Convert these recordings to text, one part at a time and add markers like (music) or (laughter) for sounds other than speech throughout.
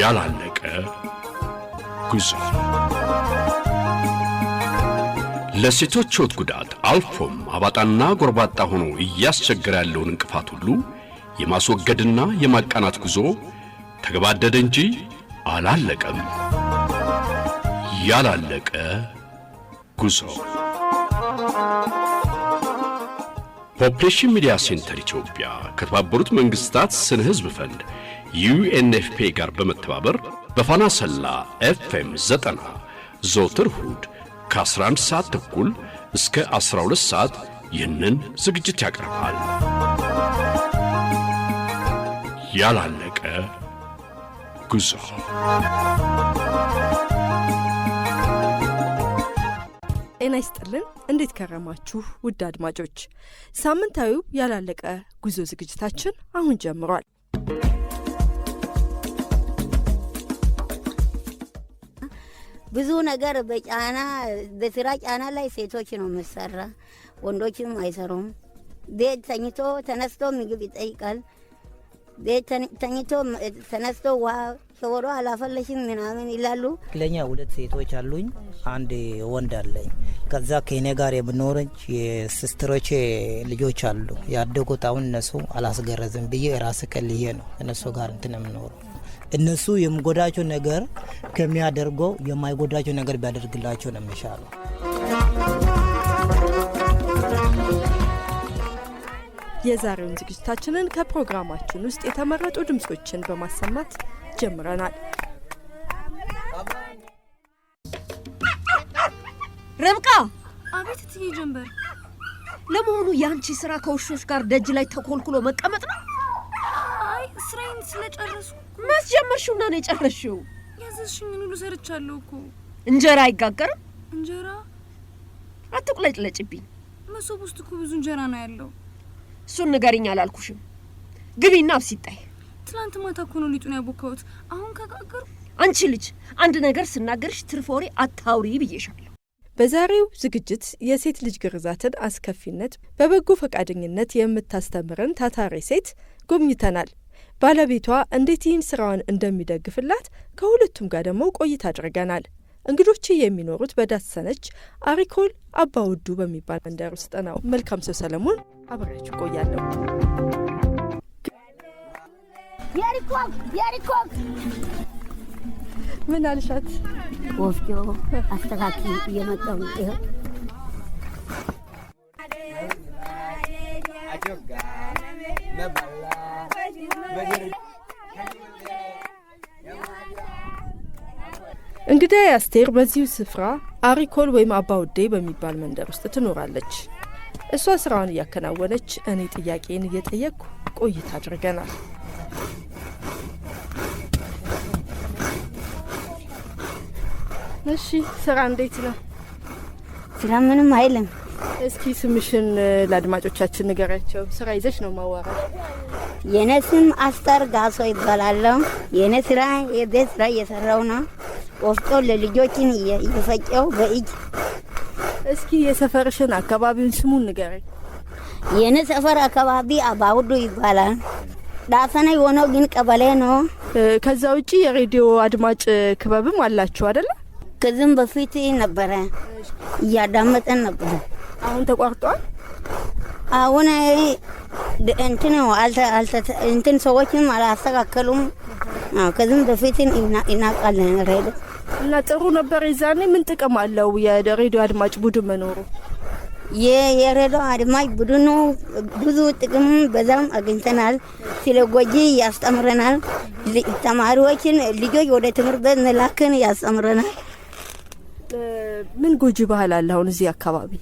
ያላለቀ ጉዞ ለሴቶች ሕይወት ጉዳት አልፎም አባጣና ጎርባጣ ሆኖ እያስቸገረ ያለውን እንቅፋት ሁሉ የማስወገድና የማቃናት ጉዞ ተገባደደ እንጂ አላለቀም። ያላለቀ ጉዞ ፖፕሌሽን ሚዲያ ሴንተር ኢትዮጵያ ከተባበሩት መንግስታት ስነ ሕዝብ ፈንድ ዩኤንኤፍፒ ጋር በመተባበር በፋና ሰላ ኤፍኤም 90 ዘወትር እሁድ ከ11 ሰዓት ተኩል እስከ 12 ሰዓት ይህንን ዝግጅት ያቀርባል። ያላለቀ ጉዞ ጤና ይስጥልን። እንዴት ከረማችሁ ውድ አድማጮች? ሳምንታዊው ያላለቀ ጉዞ ዝግጅታችን አሁን ጀምሯል። ብዙ ነገር በጫና በስራ ጫና ላይ ሴቶች ነው የምሰራ፣ ወንዶችም አይሰሩም። ቤት ተኝቶ ተነስቶ ምግብ ይጠይቃል። ቤት ተኝቶ ተነስቶ ውሃ ሸወሮ አላፈለሽም ምናምን ይላሉ። ለኛ ሁለት ሴቶች አሉኝ፣ አንድ ወንድ አለኝ። ከዛ ከኔ ጋር የምኖረች የስስትሮቼ ልጆች አሉ ያደጉት። አሁን እነሱ አላስገረዝም ብዬ ራስ ከልዬ ነው እነሱ ጋር እንትን የምኖረው እነሱ የሚጎዳቸው ነገር ከሚያደርገው የማይጎዳቸው ነገር ቢያደርግላቸው ነው የሚሻለው። የዛሬውን ዝግጅታችንን ከፕሮግራማችን ውስጥ የተመረጡ ድምፆችን በማሰማት ጀምረናል። ርብቃ! አቤት ትዬ ጀንበር፣ ለመሆኑ የአንቺ ስራ ከውሾች ጋር ደጅ ላይ ተኮልኩሎ መቀመጥ ነው? ስራዬን ስለጨረስኩ መች ነው የጨረስሽው? ያዘዝሽኝን ሁሉ ሰርቻለሁ እኮ። እንጀራ አይጋገርም? እንጀራ አትቁለጭለጭብኝ። መሶብ ውስጥ እኮ ብዙ እንጀራ ነው ያለው። እሱን ንገሪኝ አላልኩሽም? ግቢና አብሲጣይ። ትላንት ማታ እኮ ነው ሊጡን ያቦካሁት። አሁን ከጋገሩ አንቺ ልጅ አንድ ነገር ስናገርሽ ትርፍ ወሬ አታውሪ ብዬሻለሁ። በዛሬው ዝግጅት የሴት ልጅ ግርዛትን አስከፊነት በበጎ ፈቃደኝነት የምታስተምረን ታታሪ ሴት ጎብኝተናል። ባለቤቷ እንዴት ይህን ስራዋን እንደሚደግፍላት ከሁለቱም ጋር ደግሞ ቆይታ አድርገናል። እንግዶች የሚኖሩት በዳሰነች አሪኮል አባውዱ በሚባል መንደር ውስጥ ነው። መልካም ሰው ሰለሞን አብሬያችሁ ቆያለሁ። ምን አልሻት? ወፍጮ አስተካኪ እየመጣሁ እንግዲህ አስቴር በዚሁ ስፍራ አሪኮል ወይም አባውዴ በሚባል መንደር ውስጥ ትኖራለች። እሷ ስራውን እያከናወነች፣ እኔ ጥያቄን እየጠየቅኩ ቆይታ አድርገናል። እሺ ስራ እንዴት ነው? ስራ ምንም አይልም። እስኪ ስምሽን ለአድማጮቻችን ንገሪያቸው። ስራ ይዘሽ ነው ማዋራት? የእኔ ስም አስተር ጋሶ ይባላለሁ። የእኔ ስራ የቤት ስራ እየሰራው ነው። ቆፍጦ ለልጆችን እየፈጨው በእጅ። እስኪ የሰፈርሽን አካባቢውን ስሙን ንገር። የኔ ሰፈር አካባቢ አባውዱ ይባላል። ዳፈነ የሆነው ግን ቀበሌ ነው። ከዛ ውጭ የሬዲዮ አድማጭ ክበብም አላችሁ አደለ? ከዚህም በፊት ነበረ፣ እያዳመጠን ነበረ። አሁን ተቋርጧል። አሁን እንትን እንትን ሰዎችም አላስተካከሉም። ከዚህም በፊት እናቃለን። ሄደ እና ጥሩ ነበር። ይዛኔ ምን ጥቅም አለው የሬዲዮ አድማጭ ቡድን መኖሩ? የሬዲዮ አድማጭ ቡድኑ ብዙ ጥቅም በዛም አግኝተናል። ስለ ጎጂ ያስተምረናል። ተማሪዎችን ልጆች ወደ ትምህርት ቤት መላክን ያስተምረናል። ምን ጎጂ ባህል አለ አሁን እዚህ አካባቢ?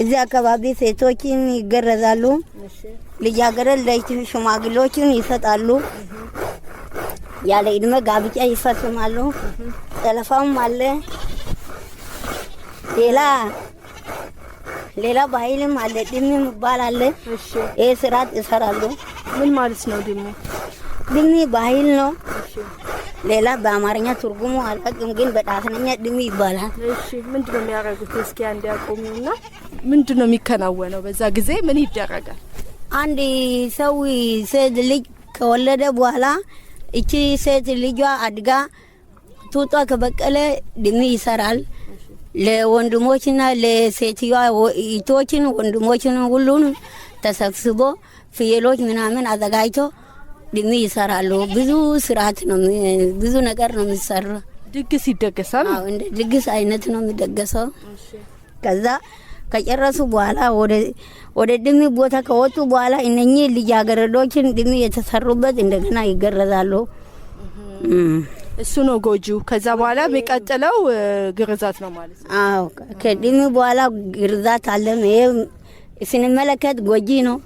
እዚህ አካባቢ ሴቶችን ይገረዛሉ፣ ልጃገረድ ሽማግሎችን ይሰጣሉ፣ ያለ እድሜ ጋብቻ ይፈጽማሉ። ጠለፋም አለ። ሌላ ሌላ ባህልም አለ። ድሚ የሚባል አለ። ይህ ስርዓት ይሰራሉ። ምን ማለት ነው? ድሚ ባህል ነው። ሌላ በአማርኛ ትርጉሙ አላውቅም፣ ግን በዳፍነኛ ድሙ ይባላል። እሺ፣ ነው የሚያደርጉት? እስኪ አንድ ያቆሙና ነው የሚከናወነው? በዛ ጊዜ ምን ይደረጋል? አንድ ሰው ሴት ልጅ ከወለደ በኋላ እቺ ሴት ልጇ አድጋ ቱጧ ከበቀለ ድሚ ይሰራል። ለወንድሞችና ለሴትዮዋ እህቶችን ወንድሞችን ሁሉን ተሰብስቦ ፍየሎች ምናምን አዘጋጅቶ ድሚ ይሰራሉ። ብዙ ስርዓት ነው፣ ብዙ ነገር ነው የሚሰራ። ድግስ ይደገሳል። እንደ ድግስ አይነት ነው የሚደገሰው። ከዛ ከጨረሱ በኋላ ወደ ድሚ ቦታ ከወጡ በኋላ እነኚህ ልጃገረዶችን ድሚ የተሰሩበት እንደገና ይገረዛሉ። እሱ ነው ጎጂው። ከዛ በኋላ የሚቀጥለው ግርዛት ነው ማለት ነው። አዎ ከድሚ በኋላ ግርዛት አለ። ይሄ ስንመለከት ጎጂ ነው።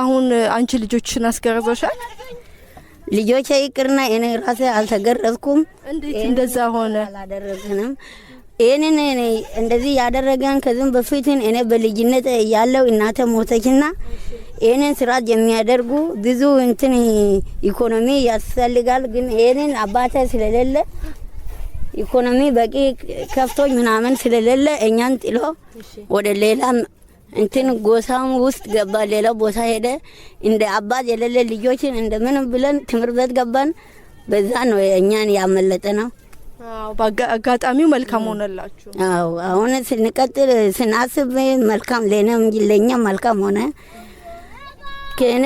አሁን አንቺ ልጆችን አስገረዞሻል? ልጆቼ ይቅርና እኔ ራሴ አልተገረዝኩም። እንዴት እንደዛ ሆነ? አላደረግንም። ይህንን እኔ እንደዚህ ያደረገን ከዚህም በፊትን እኔ በልጅነት ያለው እናተ ሞተችና ይህንን ስርዓት የሚያደርጉ ብዙ እንትን ኢኮኖሚ ያስፈልጋል። ግን ይህንን አባተ ስለሌለ ኢኮኖሚ በቂ ከፍቶኝ ምናምን ስለሌለ እኛን ጥሎ ወደ ሌላ እንትን ጎሳም ውስጥ ገባ፣ ሌላ ቦታ ሄደ። እንደ አባት የሌለ ልጆችን እንደምንም ብለን ትምህርት ቤት ገባን። በዛ ነው እኛን ያመለጠ ነው። አጋጣሚው መልካም ሆነላችሁ። አዎ አሁን ስንቀጥል ስናስብ መልካም ለእኛ መልካም ሆነ። ከእኔ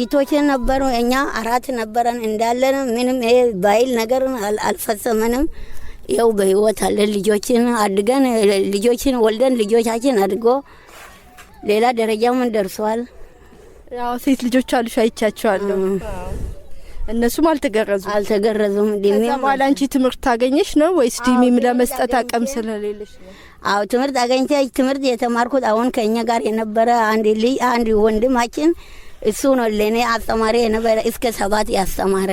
ኢቶችን ነበሩ እኛ አራት ነበረን እንዳለን ምንም ባይል ነገር አልፈጸመንም። ይኸው በህይወት አለ ልጆችን አድገን ልጆችን ወልደን ልጆቻችን አድጎ ሌላ ደረጃም ደርሷል። ያው ሴት ልጆች አሉሽ አይቻቸዋለሁ። እነሱም አልተገረዙም አልተገረዙም። ዲሜ ከዛ በኋላ አንቺ ትምህርት ታገኘሽ ነው ወይስ ዲሜም ለመስጠት አቅም ስለሌለሽ አዎ ትምህርት አገኝቼ ትምህርት የተማርኩት አሁን ከእኛ ጋር የነበረ አንድ ልጅ አንድ ወንድማችን እሱ ነው ለእኔ አስተማሪ የነበረ እስከ ሰባት ያስተማረ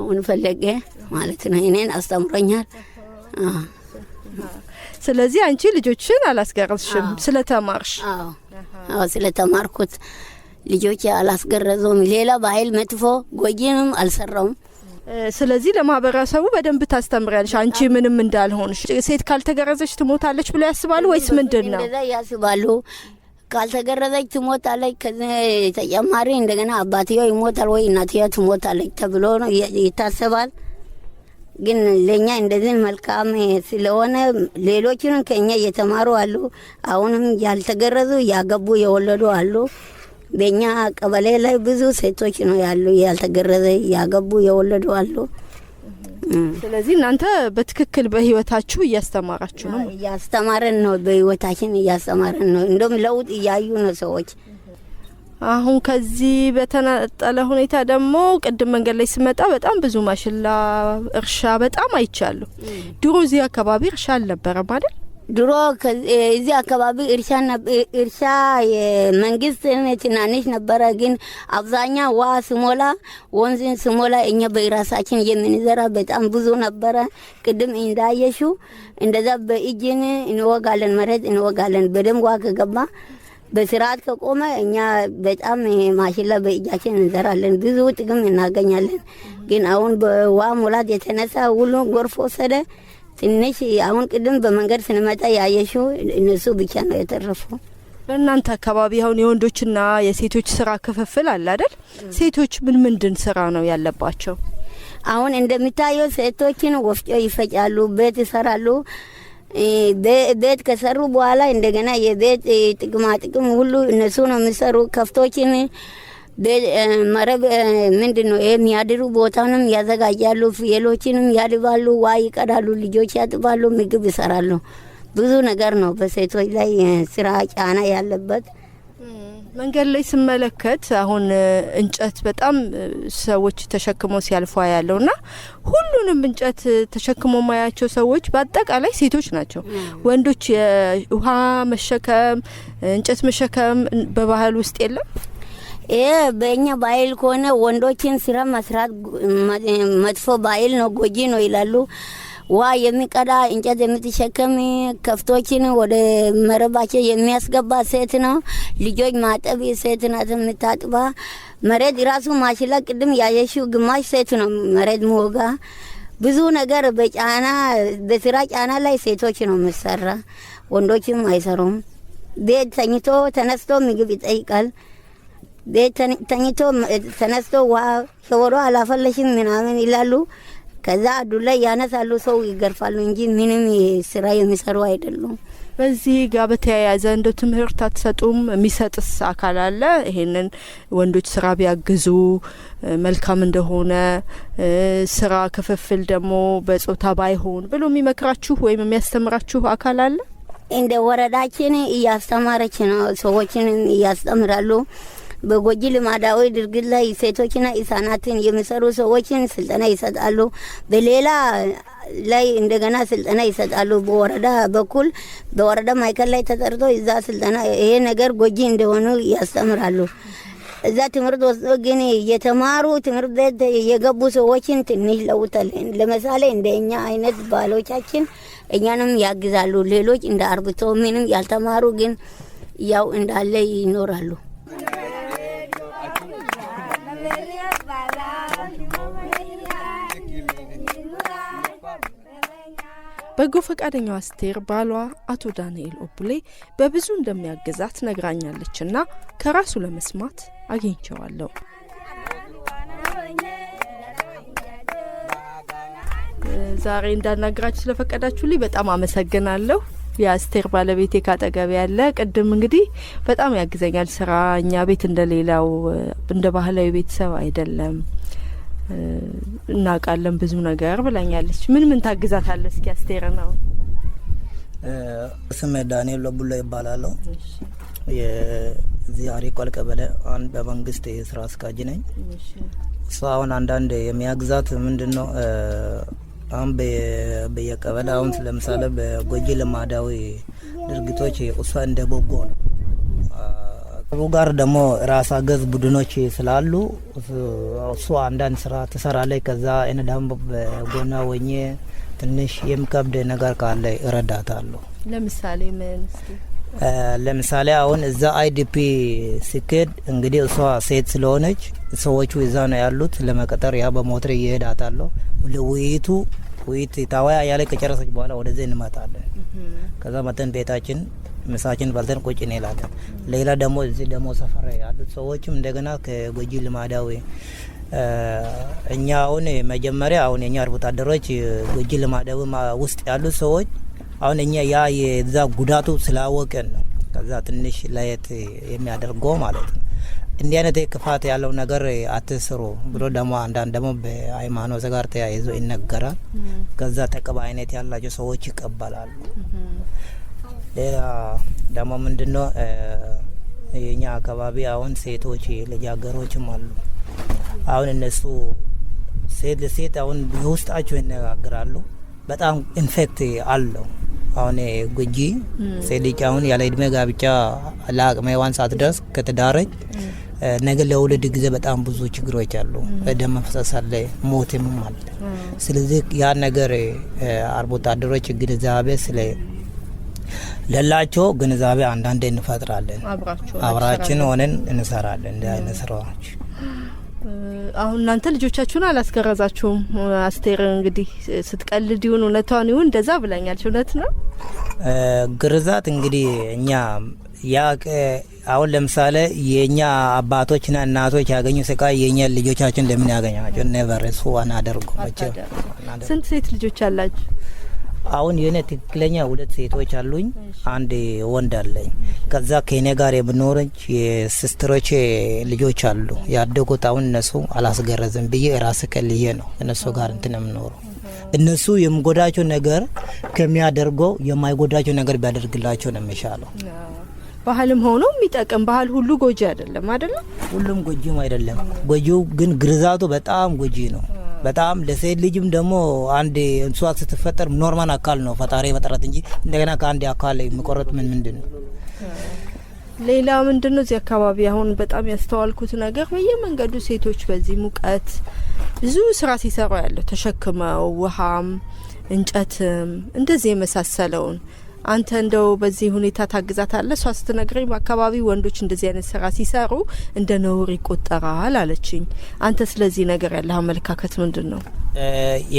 አሁን ፈለገ ማለት ነው እኔን አስተምሮኛል። ስለዚህ አንቺ ልጆችን አላስገረዝሽም ስለተማርሽ? አዎ ስለተማርኩት ልጆች አላስገረዘውም። ሌላ በኃይል መጥፎ ጎጂንም አልሰራውም። ስለዚህ ለማህበረሰቡ በደንብ ታስተምሪያለሽ። አንቺ ምንም እንዳልሆንሽ። ሴት ካልተገረዘች ትሞታለች ብሎ ያስባሉ ወይስ ምንድን ነው ያስባሉ? ካልተገረዘች ትሞታለች፣ ተጨማሪ እንደገና አባትዮ ይሞታል ወይ እናትዮ ትሞታለች ተብሎ ይታሰባል። ግን ለእኛ እንደዚህ መልካም ስለሆነ ሌሎችንም ከኛ እየተማሩ አሉ። አሁንም ያልተገረዙ ያገቡ የወለዱ አሉ። በእኛ ቀበሌ ላይ ብዙ ሴቶች ነው ያሉ ያልተገረዘ ያገቡ የወለዱ አሉ። ስለዚህ እናንተ በትክክል በህይወታችሁ እያስተማራችሁ ነው። እያስተማረን ነው፣ በህይወታችን እያስተማረን ነው። እንደም ለውጥ እያዩ ነው ሰዎች አሁን ከዚህ በተናጠለ ሁኔታ ደግሞ ቅድም መንገድ ላይ ስመጣ በጣም ብዙ ማሽላ እርሻ በጣም አይቻለሁ። ድሮ እዚህ አካባቢ እርሻ አልነበረም አይደል? ድሮ እዚህ አካባቢ እርሻ የመንግስት ትናንሽ ነበረ፣ ግን አብዛኛ ውሃ ስሞላ ወንዝን ስሞላ እኛ በራሳችን የምንዘራ በጣም ብዙ ነበረ። ቅድም እንዳየሹ እንደዛ በእጅን እንወጋለን፣ መሬት እንወጋለን። በደንብ ዋ ከገባ በስርዓት ከቆመ እኛ በጣም ማሽላ በእጃችን እንዘራለን፣ ብዙ ጥቅም እናገኛለን። ግን አሁን በውሃ ሙላት የተነሳ ሁሉ ጎርፍ ወሰደ። ትንሽ አሁን ቅድም በመንገድ ስንመጣ ያየሹ እነሱ ብቻ ነው የተረፉ። በእናንተ አካባቢ አሁን የወንዶችና የሴቶች ስራ ክፍፍል አለ አይደል? ሴቶች ምን ምንድን ስራ ነው ያለባቸው? አሁን እንደሚታየው ሴቶችን ወፍጮ ይፈጫሉ፣ ቤት ይሰራሉ ቤት ከሰሩ በኋላ እንደገና የቤት ጥቅማ ጥቅም ሁሉ እነሱ ነው የሚሰሩ። ከፍቶችን መረብ ምንድን ነው የሚያድሩ ቦታንም ያዘጋጃሉ፣ ፍየሎችንም ያድባሉ፣ ዋ ይቀዳሉ፣ ልጆች ያጥባሉ፣ ምግብ ይሰራሉ። ብዙ ነገር ነው በሴቶች ላይ ስራ ጫና ያለበት። መንገድ ላይ ስመለከት አሁን እንጨት በጣም ሰዎች ተሸክመው ሲያልፏ ና ሁሉንም እንጨት ተሸክሞ ማያቸው ሰዎች በአጠቃላይ ሴቶች ናቸው። ወንዶች የውሃ መሸከም እንጨት መሸከም በባህል ውስጥ የለም። ይህ በእኛ ባህል ከሆነ ወንዶችን ስራ መስራት መጥፎ ባህል ነው፣ ጎጂ ነው ይላሉ። ውሃ የሚቀዳ እንጨት የምትሸከም ከፍቶችን ወደ መረባቸው የሚያስገባ ሴት ነው። ልጆች ማጠብ ሴት ናት የምታጥባ። መሬት ራሱ ማሽላ ቅድም ያየሽው ግማሽ ሴት ነው መሬት መወጋ ብዙ ነገር በጫና በስራ ጫና ላይ ሴቶች ነው የምሰራ። ወንዶችም አይሰሩም። ቤት ተኝቶ ተነስቶ ምግብ ይጠይቃል። ቤት ተኝቶ ተነስቶ ውሃ ሸወሮ አላፈለሽም ምናምን ይላሉ። ከዛ አዱላ ያነሳሉ፣ ሰው ይገርፋሉ እንጂ ምንም ስራ የሚሰሩ አይደሉም። በዚህ ጋር በተያያዘ እንደ ትምህርት አትሰጡም? የሚሰጥስ አካል አለ? ይሄንን ወንዶች ስራ ቢያግዙ መልካም እንደሆነ ስራ ክፍፍል ደግሞ በጾታ ባይሆን ብሎ የሚመክራችሁ ወይም የሚያስተምራችሁ አካል አለ? እንደ ወረዳችን እያስተማረች ነው። ሰዎችን እያስተምራሉ በጎጂ ልማዳዊ ድርጊት ላይ ሴቶችና ህጻናትን የሚሰሩ ሰዎችን ስልጠና ይሰጣሉ። በሌላ ላይ እንደገና ስልጠና ይሰጣሉ። በወረዳ በኩል በወረዳ ማዕከል ላይ ተጠርቶ እዛ ስልጠና ይሄ ነገር ጎጂ እንደሆኑ ያስተምራሉ። እዛ ትምህርት ወስዶ ግን የተማሩ ትምህርት ቤት የገቡ ሰዎችን ትንሽ ለውጣል። ለምሳሌ እንደ እኛ አይነት ባሎቻችን እኛንም ያግዛሉ። ሌሎች እንደ አርብቶ ምንም ያልተማሩ ግን ያው እንዳለ ይኖራሉ። በጎ ፈቃደኛው አስቴር ባሏ አቶ ዳንኤል ኦቡሌ በብዙ እንደሚያገዛት ነግራኛለች እና ከራሱ ለመስማት አግኝቸዋለሁ። ዛሬ እንዳናገራችሁ ስለፈቀዳችሁልኝ በጣም አመሰግናለሁ። የአስቴር ባለቤቴ ካጠገብ ያለ ቅድም እንግዲህ በጣም ያግዘኛል። ስራ እኛ ቤት እንደሌላው እንደ ባህላዊ ቤተሰብ አይደለም። እናውቃለን ብዙ ነገር ብላኛለች። ምን ምን ታግዛታለ? እስኪ አስቴር ነው። ስሜ ዳንኤል ለቡላ ይባላለሁ። የዚህ አሪቋል ቀበሌ አንድ በመንግስት የስራ አስኪያጅ ነኝ። እሷ አሁን አንዳንድ የሚያግዛት ምንድን ነው አሁን በየቀበሌ አሁን ለምሳሌ በጎጂ ልማዳዊ ድርጊቶች እሷ እንደ በጎ ነው ህቡ ጋር ደግሞ ራሳ ገዝ ቡድኖች ስላሉ እሱ አንዳንድ ስራ ላይ ከዛ እኔ ደግሞ በጎና ወኜ ትንሽ የሚከብድ ነገር ካለ እረዳታለሁ። ለምሳሌ ምን? ለምሳሌ አሁን እዛ አይዲፒ ሲኬድ እንግዲህ እሷ ሴት ስለሆነች ሰዎቹ እዛ ነው ያሉት ለመቀጠር ያ በሞትር እየሄዳታለሁ ለውይይቱ ውይይት ታዋያ ያለ ከጨረሰች በኋላ ወደዚህ እንመጣለን። ከዛ መተን ቤታችን ምሳችን በልተን ቁጭ እንላለን። ሌላ ደግሞ እዚህ ደግሞ ሰፈር ያሉት ሰዎችም እንደገና ከጎጂ ልማዳዊ እኛ አሁን መጀመሪያ አሁን የኛ አርብቶ አደሮች ጎጂ ልማዳዊ ውስጥ ያሉት ሰዎች አሁን እኛ ያ የዛ ጉዳቱ ስላወቀን ነው ከዛ ትንሽ ለየት የሚያደርገው ማለት ነው። እንዲህ አይነት ክፋት ያለው ነገር አትስሩ ብሎ ደግሞ አንዳንድ ደግሞ በሃይማኖት ጋር ተያይዞ ይነገራል። ከዛ ተቀባይነት ያላቸው ሰዎች ይቀበላሉ። ሌላ ደግሞ ምንድነው የኛ አካባቢ አሁን ሴቶች ልጃገሮችም አሉ። አሁን እነሱ ሴት ለሴት አሁን በውስጣቸው ይነጋግራሉ። በጣም ኢንፌክት አለው። አሁን ጉጂ ሴት ልጅ አሁን ያለ እድሜ ጋብቻ ለአቅመ ሔዋን ሳትደርስ ከተዳረች ነገ ለውልድ ጊዜ በጣም ብዙ ችግሮች አሉ። ደም መፍሰስ አለ፣ ሞትም አለ። ስለዚህ ያ ነገር አርብቶ አደሮች ግንዛቤ ስለ ለላቸው ግንዛቤ አንዳንዴ እንፈጥራለን። አብራችን ሆነን እንሰራለን። እንዲህ አይነት ስራዎች አሁን እናንተ ልጆቻችሁን አላስገረዛችሁም። አስቴር እንግዲህ ስትቀልድ ይሁን እውነቷን ይሁን እንደዛ ብላኛለች። እውነት ነው ግርዛት እንግዲህ እኛ ያ አሁን ለምሳሌ የኛ አባቶችና እናቶች ያገኙ ስቃይ የኛ ልጆቻችን ለምን ያገኛቸው? ኔቨር እሱ አናደርጉ። ስንት ሴት ልጆች አላችሁ? አሁን የሆነ ትክክለኛ ሁለት ሴቶች አሉኝ፣ አንድ ወንድ አለኝ። ከዛ ከኔ ጋር የምኖረች የስስትሮቼ ልጆች አሉ ያደጉት። አሁን እነሱ አላስገረዝም ብዬ ራስ ከልዬ ነው እነሱ ጋር እንትን የምኖረው። እነሱ የምጎዳቸው ነገር ከሚያደርገው የማይጎዳቸው ነገር ቢያደርግላቸው ነው የሚሻለው። ባህልም ሆኖ የሚጠቅም ባህል ሁሉ ጎጂ አይደለም፣ አይደለም ሁሉም ጎጂም አይደለም። ጎጂው ግን ግርዛቱ በጣም ጎጂ ነው። በጣም ለሴት ልጅም ደግሞ አንድ እንሷ ስትፈጠር ኖርማል አካል ነው ፈጣሪ የፈጠረት እንጂ እንደገና ከአንድ አካል የሚቆረጥ ምን ምንድን ነው? ሌላ ምንድን ነው? እዚህ አካባቢ አሁን በጣም ያስተዋልኩት ነገር በየመንገዱ ሴቶች በዚህ ሙቀት ብዙ ስራ ሲሰሩ ያለው ተሸክመው ውሃም እንጨትም እንደዚህ የመሳሰለውን አንተ እንደው በዚህ ሁኔታ ታግዛታለ እሷ ስትነግረኝ በአካባቢ ወንዶች እንደዚህ አይነት ስራ ሲሰሩ እንደ ነውር ይቆጠራል አለችኝ። አንተ ስለዚህ ነገር ያለህ አመለካከት ምንድን ነው?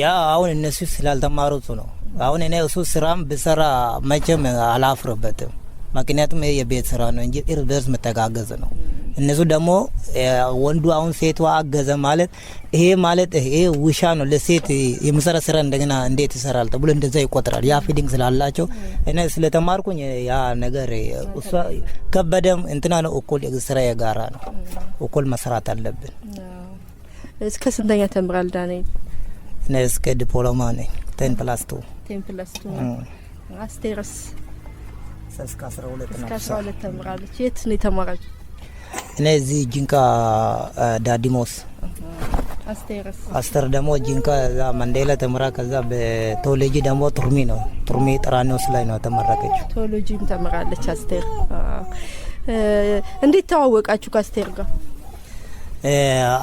ያ አሁን እነሱ ስላልተማሩት ነው። አሁን እኔ እሱ ስራም ብሰራ መቼም አላፍርበትም። ምክንያቱም የቤት ስራ ነው እንጂ እርስ በርስ መተጋገዝ ነው እነሱ ደግሞ ወንዱ አሁን ሴቷ አገዘ ማለት ይሄ ማለት ይሄ ውሻ ነው ለሴት የመሰረት ስራ እንደገና እንዴት ይሰራል ተብሎ እንደዛ ይቆጥራል። ያ ፊሊንግ ስላላቸው እኔ ስለተማርኩኝ ያ ነገር እሷ ከበደም እንትና ነው እኩል ስራ የጋራ ነው እኩል መስራት አለብን። እስከ ስንተኛ ተምራል ዳንኤል? እኔ እስከ ዲፕሎማ ነኝ። ቴን ፕላስ ቱ ቴን ፕላስ ቱ ማስተርስ እስከ አስራ ሁለት ተምራለች። የት ነው የተማራችሁ? እኔ እዚህ ጂንካ ዳዲሞስ አስተር ደግሞ ጂንካ እዛ ማንዴላ ተምራ ከዛ በቶሎጂ ደግሞ ቱርሚ ነው ቱርሚ ጥራኔዎስ ላይ ነው ተመረቀች። ቴዎሎጂም ተምራለች አስቴር። እንዴት ተዋወቃችሁ ከአስቴር ጋር?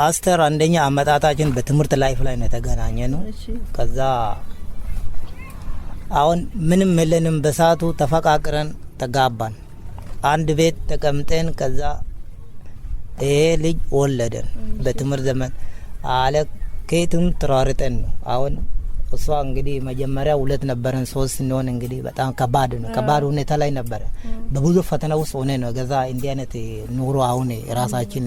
አስተር eh, አንደኛ አመጣጣችን በትምህርት ላይፍ ላይ ነው የተገናኘ ነው። ከዛ አሁን ምንም የለንም በሰዓቱ ተፈቃቅረን ተጋባን። አንድ ቤት ተቀምጠን ከዛ ይሄ ልጅ ወለደን በትምህርት ዘመን አለ ከየትም ተሯርጠን ነው አሁን እሷ እንግዲህ መጀመሪያ ሁለት ነበረን፣ ሶስት ስንሆን እንግዲህ በጣም ከባድ ነው። ከባድ ሁኔታ ላይ ነበረ። በብዙ ፈተና ውስጥ ሆነ ነው ገዛ እንዲህ አይነት ኑሮ አሁን ራሳችን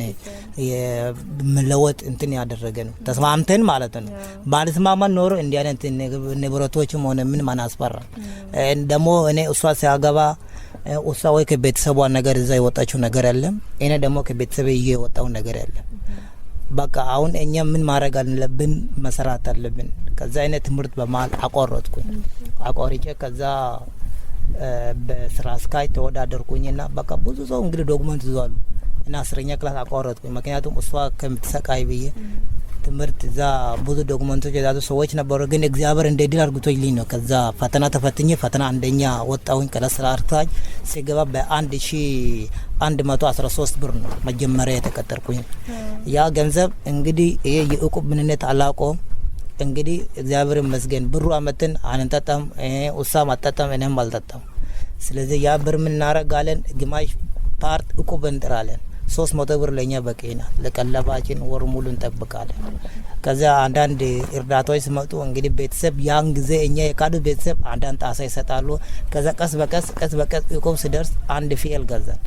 የምለወጥ እንትን ያደረገ ነው። ተስማምተን ማለት ነው። ባልስማማን ኖሮ እንዲህ አይነት ንብረቶችም ሆነ ምን ማን አስፈራ ደግሞ እኔ እሷ ሲያገባ እሷ ወይ ከቤተሰቧ ነገር እዛ የወጣችው ነገር የለም። እኔ ደግሞ ከቤተሰብ ይዤ የወጣው ነገር የለም። በቃ አሁን እኛ ምን ማድረግ አለብን? መሰራት አለብን። ከዛ አይነት ትምህርት በመሀል አቆረጥኩኝ። አቆርጬ ከዛ በስራ አስኪያጅ ተወዳደርኩኝና በቃ ብዙ ሰው እንግዲህ ዶክመንት ይዟሉ እና አስረኛ ክላስ አቋረጥኩኝ። ምክንያቱም እሷ ከምትሰቃይ ብዬ ትምህርት እዛ ብዙ ዶክመንቶች የዛዙ ሰዎች ነበሩ። ግን እግዚአብሔር እንደ ድል ልኝ ነው። ከዛ ፈተና ተፈትኝ ፈተና አንደኛ ወጣሁኝ። ቀለል ስላርታኝ ሲገባ በአንድ ሺ አንድ መቶ አስራ ሶስት ብር ነው መጀመሪያ የተቀጠርኩኝ። ያ ገንዘብ እንግዲህ ይሄ የእቁብ ምንነት አላቆም እንግዲህ እግዚአብሔር ይመስገን ብሩ አመትን አንጠጣም፣ ውሳም አጠጠም እኔም አልጠጠም። ስለዚህ ያ ብር ምናረጋለን ግማሽ ፓርት እቁብ እንጥራለን። ሶስት መቶ ብር ለእኛ በቂ ነው። ለቀለባችን ወር ሙሉ እንጠብቃለን። ከዚያ አንዳንድ እርዳታዎች ሲመጡ እንግዲህ ቤተሰብ ያን ጊዜ እኛ የካዱ ቤተሰብ አንዳንድ ጣሳ ይሰጣሉ። ከዚያ ቀስ በቀስ ቀስ በቀስ እቁብ ስደርስ አንድ ፍየል ገዛን።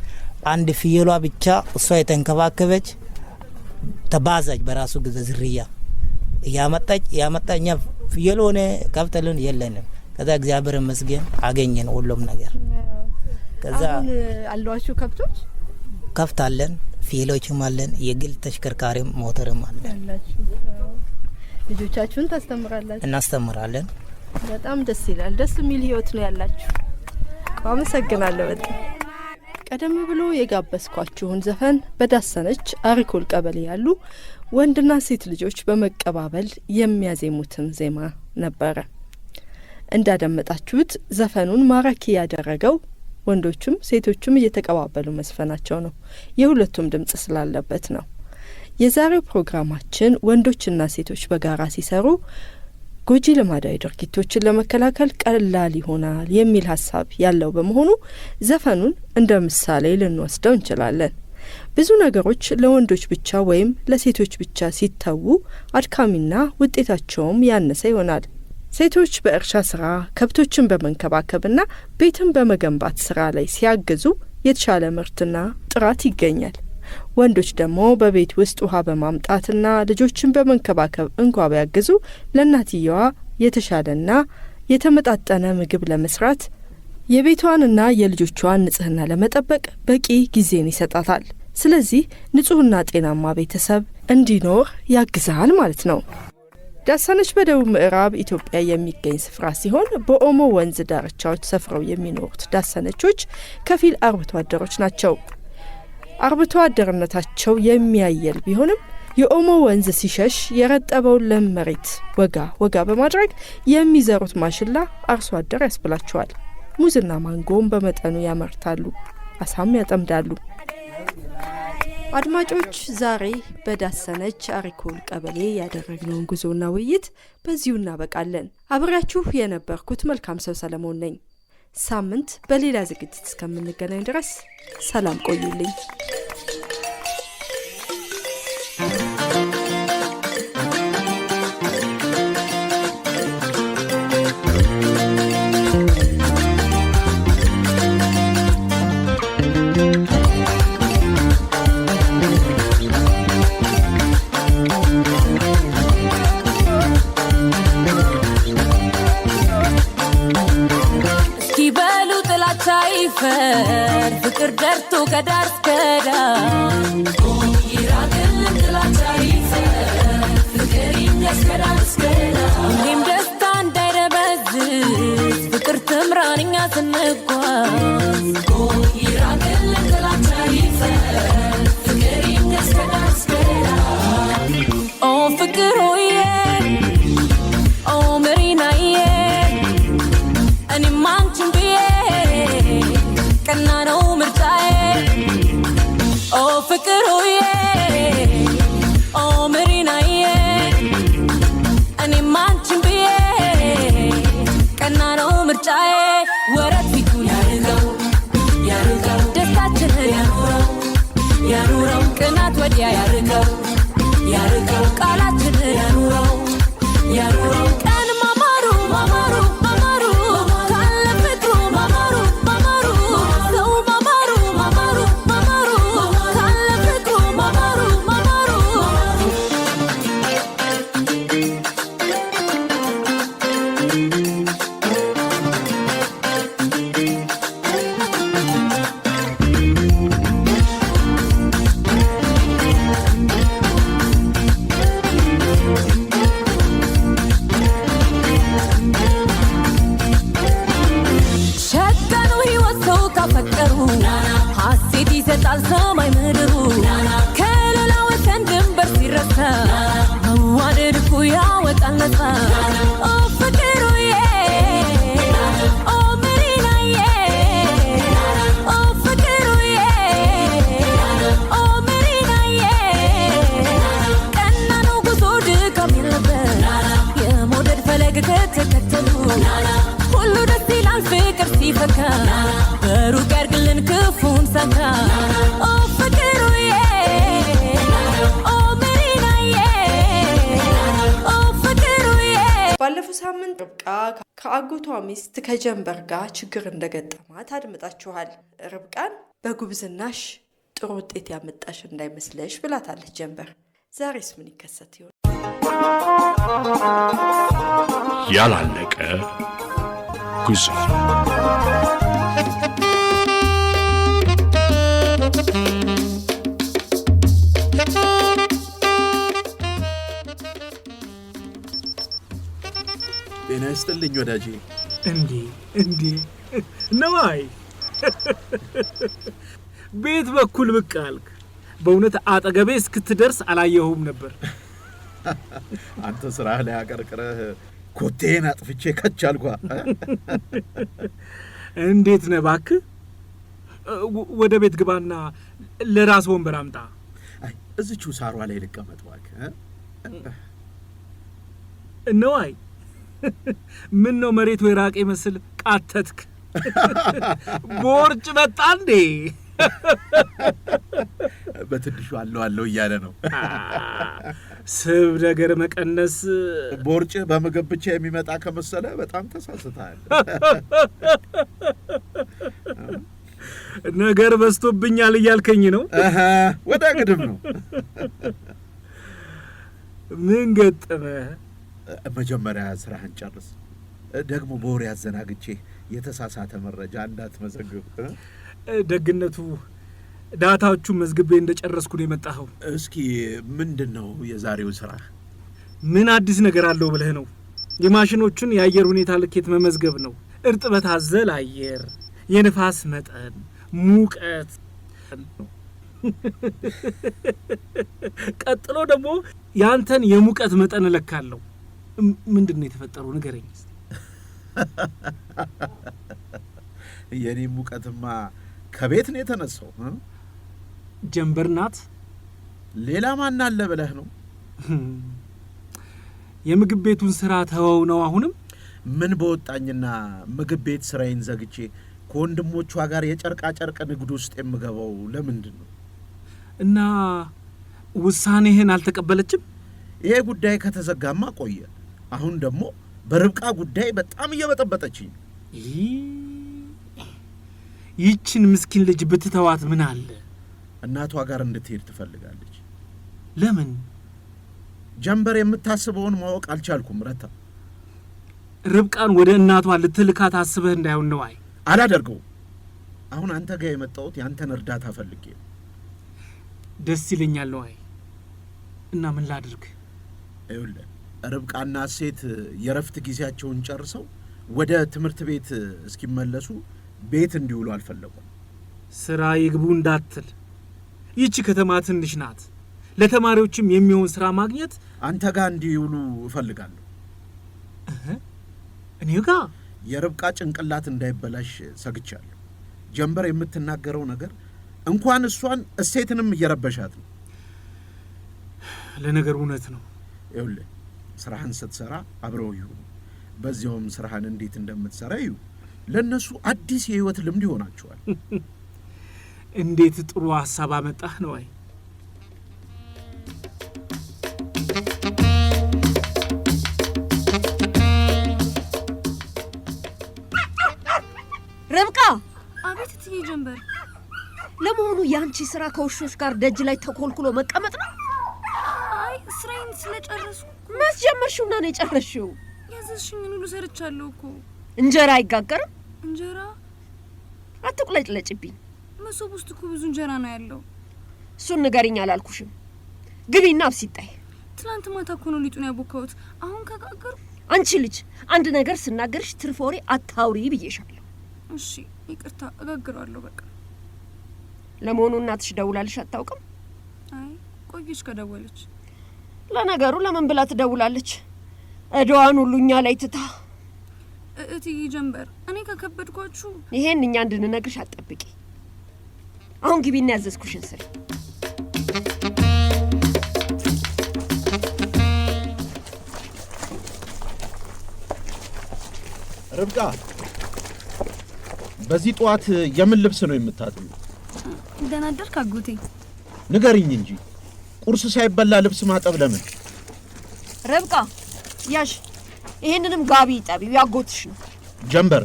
አንድ ፍየሏ ብቻ እሷ የተንከባከበች ተባዛጅ በራሱ ጊዜ ዝርያ እያመጣች እያመጣ እኛ ፍየሉ ሆነ ከብተልን የለንም። ከዛ እግዚአብሔር ይመስገን አገኘን ሁሉም ነገር። ከዛ አሏችሁ ከብቶች ከፍት አለን፣ ፊሎችም አለን፣ የግል ተሽከርካሪም ሞተርም አለን። ልጆቻችሁን ታስተምራላችሁ? እናስተምራለን። በጣም ደስ ይላል። ደስ የሚል ህይወት ነው ያላችሁ። አመሰግናለሁ በጣም። ቀደም ብሎ የጋበዝኳችሁን ዘፈን በዳሰነች አሪኮል ቀበሌ ያሉ ወንድና ሴት ልጆች በመቀባበል የሚያዜሙትን ዜማ ነበረ። እንዳደመጣችሁት ዘፈኑን ማራኪ ያደረገው ወንዶቹም ሴቶቹም እየተቀባበሉ መዝፈናቸው ነው። የሁለቱም ድምጽ ስላለበት ነው። የዛሬው ፕሮግራማችን ወንዶችና ሴቶች በጋራ ሲሰሩ ጎጂ ልማዳዊ ድርጊቶችን ለመከላከል ቀላል ይሆናል የሚል ሀሳብ ያለው በመሆኑ ዘፈኑን እንደ ምሳሌ ልንወስደው እንችላለን። ብዙ ነገሮች ለወንዶች ብቻ ወይም ለሴቶች ብቻ ሲተዉ አድካሚና ውጤታቸውም ያነሰ ይሆናል። ሴቶች በእርሻ ስራ፣ ከብቶችን በመንከባከብና ቤትን በመገንባት ስራ ላይ ሲያግዙ የተሻለ ምርትና ጥራት ይገኛል። ወንዶች ደግሞ በቤት ውስጥ ውሃ በማምጣትና ልጆችን በመንከባከብ እንኳ ቢያግዙ ለእናትየዋ የተሻለና የተመጣጠነ ምግብ ለመስራት የቤቷንና የልጆቿን ንጽህና ለመጠበቅ በቂ ጊዜን ይሰጣታል። ስለዚህ ንጹህና ጤናማ ቤተሰብ እንዲኖር ያግዛል ማለት ነው። ዳሳነች በደቡብ ምዕራብ ኢትዮጵያ የሚገኝ ስፍራ ሲሆን በኦሞ ወንዝ ዳርቻዎች ሰፍረው የሚኖሩት ዳሳነቾች ከፊል አርብቶ አደሮች ናቸው። አርብቶ አደርነታቸው የሚያየል ቢሆንም የኦሞ ወንዝ ሲሸሽ የረጠበውን ለም መሬት ወጋ ወጋ በማድረግ የሚዘሩት ማሽላ አርሶ አደር ያስብላቸዋል። ሙዝና ማንጎም በመጠኑ ያመርታሉ። አሳም ያጠምዳሉ። አድማጮች ዛሬ በዳሰነች አሪኮል ቀበሌ ያደረግነውን ጉዞና ውይይት በዚሁ እናበቃለን። አብሬያችሁ የነበርኩት መልካም ሰው ሰለሞን ነኝ። ሳምንት በሌላ ዝግጅት እስከምንገናኝ ድረስ ሰላም ቆዩልኝ። Cedar's ሐሴት ይሰጣል ሰማይ ምድሩ ከሌላ ወሰን ድንበር ሲረሳ መዋደድ እኮ ያወጣል ነፃ ፍቅሩዬ Hull och det till all fick att Oh, oh, oh, ባለፈው ሳምንት ርብቃ ከአጎቷ ሚስት ከጀንበር ጋር ችግር እንደገጠማት አድምጣችኋል። ርብቃን በጉብዝናሽ ጥሩ ውጤት ያመጣሽ እንዳይመስለሽ ብላታለች ጀንበር። ዛሬስ ምን ይከሰት ይሆን? ያላለቀ ጉዞ ይስጥልኝ ወዳጄ። እንዴ እንዴ ነዋይ ቤት በኩል ብቅ አልክ። በእውነት አጠገቤ እስክትደርስ አላየሁም ነበር። አንተ ስራህ ላይ አቀርቅረህ ኮቴን አጥፍቼ ከች አልኳ። እንዴት ነህ እባክህ? ወደ ቤት ግባና ለራስ ወንበር አምጣ። እዚቹ ሳሯ ላይ ልቀመጥ እባክህ ነዋይ። ምን ነው መሬት ወይ ራቅ ይመስል ቃተትክ? ቦርጭ መጣ እንዴ? በትንሹ አለው አለው እያለ ነው። ስብ ነገር መቀነስ ቦርጭ በምግብ ብቻ የሚመጣ ከመሰለ በጣም ተሳስተሃል። ነገር በዝቶብኛል እያልከኝ ነው። ወደ ግድም ነው። ምን ገጠመ? መጀመሪያ ስራህን ጨርስ። ደግሞ በወሬ አዘናግቼ የተሳሳተ መረጃ እንዳትመዘግብ። ደግነቱ ዳታዎቹ መዝግቤ እንደጨረስኩ ነው የመጣኸው። እስኪ ምንድን ነው የዛሬው ስራ? ምን አዲስ ነገር አለው ብለህ ነው? የማሽኖቹን የአየር ሁኔታ ልኬት መመዝገብ ነው። እርጥበት አዘል አየር፣ የንፋስ መጠን፣ ሙቀት። (laughs) ቀጥሎ ደግሞ ያንተን የሙቀት መጠን እለካለሁ። ምንድን ነው የተፈጠረው? ንገረኝ (laughs) የእኔ ሙቀትማ ከቤት ነው የተነሳው። ጀንበር ናት። ሌላ ማን አለ ብለህ ነው? (laughs) የምግብ ቤቱን ስራ ተወው ነው አሁንም? ምን በወጣኝና ምግብ ቤት ስራዬን ዘግቼ ከወንድሞቿ ጋር የጨርቃጨርቅ ንግድ ውስጥ የምገባው ለምንድን ነው? እና ውሳኔህን አልተቀበለችም? ይሄ ጉዳይ ከተዘጋማ ቆየ። አሁን ደግሞ በርብቃ ጉዳይ በጣም እየበጠበጠችኝ። ይህችን ምስኪን ልጅ ብትተዋት ምን አለ? እናቷ ጋር እንድትሄድ ትፈልጋለች። ለምን? ጀንበር የምታስበውን ማወቅ አልቻልኩም ረታ። ርብቃን ወደ እናቷ ልትልካት አስበህ እንዳይሆን ነው። አይ አላደርገው። አሁን አንተ ጋር የመጣሁት ያንተን እርዳታ ፈልጌ ደስ ይለኛል ነው። አይ እና ምን ላድርግ? ይኸውልህ ርብቃና ሴት የረፍት ጊዜያቸውን ጨርሰው ወደ ትምህርት ቤት እስኪመለሱ ቤት እንዲውሉ አልፈለጉም። ስራ ይግቡ እንዳትል፣ ይቺ ከተማ ትንሽ ናት። ለተማሪዎችም የሚሆን ስራ ማግኘት አንተ ጋር እንዲውሉ እፈልጋለሁ። እኔ ጋ የርብቃ ጭንቅላት እንዳይበላሽ ሰግቻለሁ። ጀንበር የምትናገረው ነገር እንኳን እሷን እሴትንም እየረበሻት ነው። ለነገር እውነት ነው። ይኸውልህ ስራህን ስትሰራ አብረው ይሁኑ። በዚያውም ስራህን እንዴት እንደምትሰራ እዩ። ለእነሱ አዲስ የህይወት ልምድ ይሆናቸዋል። (laughs) እንዴት ጥሩ ሀሳብ አመጣህ ነው ርብቃ። አቤት እትዬ ጀንበር፣ ለመሆኑ የአንቺ ስራ ከውሾች ጋር ደጅ ላይ ተኮልኩሎ መቀመጥ ነው? መድኃኒት ስለጨረስኩ መች ጀመርሽውና ነው የጨረስሽው? ያዘዝሽኝን ሁሉ ሰርቻለሁ እኮ። እንጀራ አይጋገርም? እንጀራ አትቁለጭለጭብኝ። መሶብ ውስጥ እኮ ብዙ እንጀራ ነው ያለው። እሱን ንገሪኝ አላልኩሽም? ግቢና አብሲጣይ። ትናንት ማታ እኮ ነው ሊጡን ያቦካሁት። አሁን ከጋገር አንቺ ልጅ አንድ ነገር ስናገርሽ ትርፍ ወሬ አታውሪ ብዬሻለሁ። እሺ ይቅርታ፣ እጋግረዋለሁ በቃ። ለመሆኑ እናትሽ ደውላልሽ አታውቅም? አይ ቆየች ከደወለች ለነገሩ ለምን ብላ ትደውላለች? እድዋን ሁሉ እኛ ላይ ትታ። እትዬ ጀንበር፣ እኔ ከከበድኳችሁ ይሄን እኛ እንድንነግርሽ አጠብቂ። አሁን እና ያዘዝኩሽን ስሪ። ርብቃ፣ በዚህ ጠዋት የምን ልብስ ነው የምታጥሉ? ደህና አደርክ አጎቴ፣ ንገሪኝ እንጂ ቁርስ ሳይበላ ልብስ ማጠብ ለምን? ረብቃ ያሽ ይሄንንም ጋቢ ጠቢው ያጎትሽ ነው። ጀንበር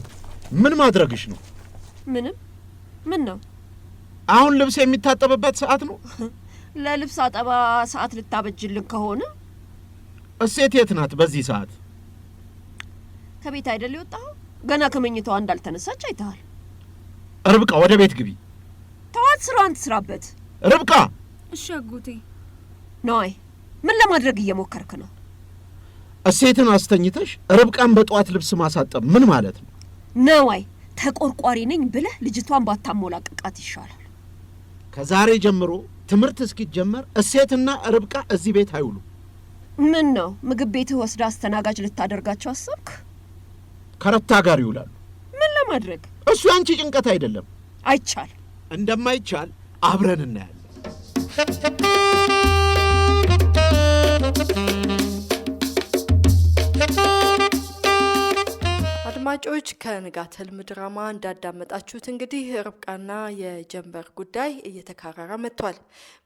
ምን ማድረግሽ ነው? ምንም። ምን ነው አሁን ልብስ የሚታጠብበት ሰዓት ነው። (laughs) ለልብስ አጠባ ሰዓት ልታበጅልን ከሆነ እሴት የት ናት? በዚህ ሰዓት ከቤት አይደል የወጣኸው? ገና ከመኝታዋ እንዳልተነሳች አይተሃል። ርብቃ ወደ ቤት ግቢ። ተዋት፣ ስራዋን ትስራበት። ርብቃ እሺ አጎቴ ነዋይ ምን ለማድረግ እየሞከርክ ነው? እሴትን አስተኝተሽ ርብቃን በጠዋት ልብስ ማሳጠብ ምን ማለት ነው? ነዋይ ተቆርቋሪ ነኝ ብለህ ልጅቷን ባታሞላቅቃት ይሻላል። ከዛሬ ጀምሮ ትምህርት እስኪጀመር እሴትና ርብቃ እዚህ ቤት አይውሉም። ምን ነው ምግብ ቤትህ ወስደ አስተናጋጅ ልታደርጋቸው አሰብክ? ከረታ ጋር ይውላሉ። ምን ለማድረግ? እሱ ያንቺ ጭንቀት አይደለም። አይቻል እንደማይቻል አብረን እናያለን። አድማጮች ከንጋት ህልም ድራማ እንዳዳመጣችሁት እንግዲህ ርብቃና የጀንበር ጉዳይ እየተካረረ መጥቷል።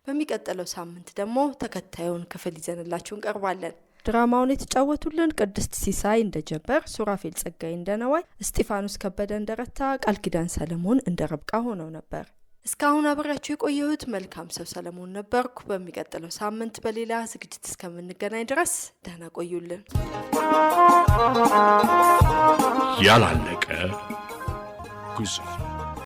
በሚቀጥለው ሳምንት ደግሞ ተከታዩን ክፍል ይዘንላችሁ እንቀርባለን። ድራማውን የተጫወቱልን ቅድስት ሲሳይ እንደ ጀንበር፣ ሱራፌል ጸጋይ እንደ ነዋይ፣ እስጢፋኖስ ከበደ እንደ ረታ፣ ቃል ኪዳን ሰለሞን እንደ ርብቃ ሆነው ነበር። እስካሁን አብሬያችሁ የቆየሁት መልካም ሰው ሰለሞን ነበርኩ። በሚቀጥለው ሳምንት በሌላ ዝግጅት እስከምንገናኝ ድረስ ደህና ቆዩልን። ያላለቀ ጉዞ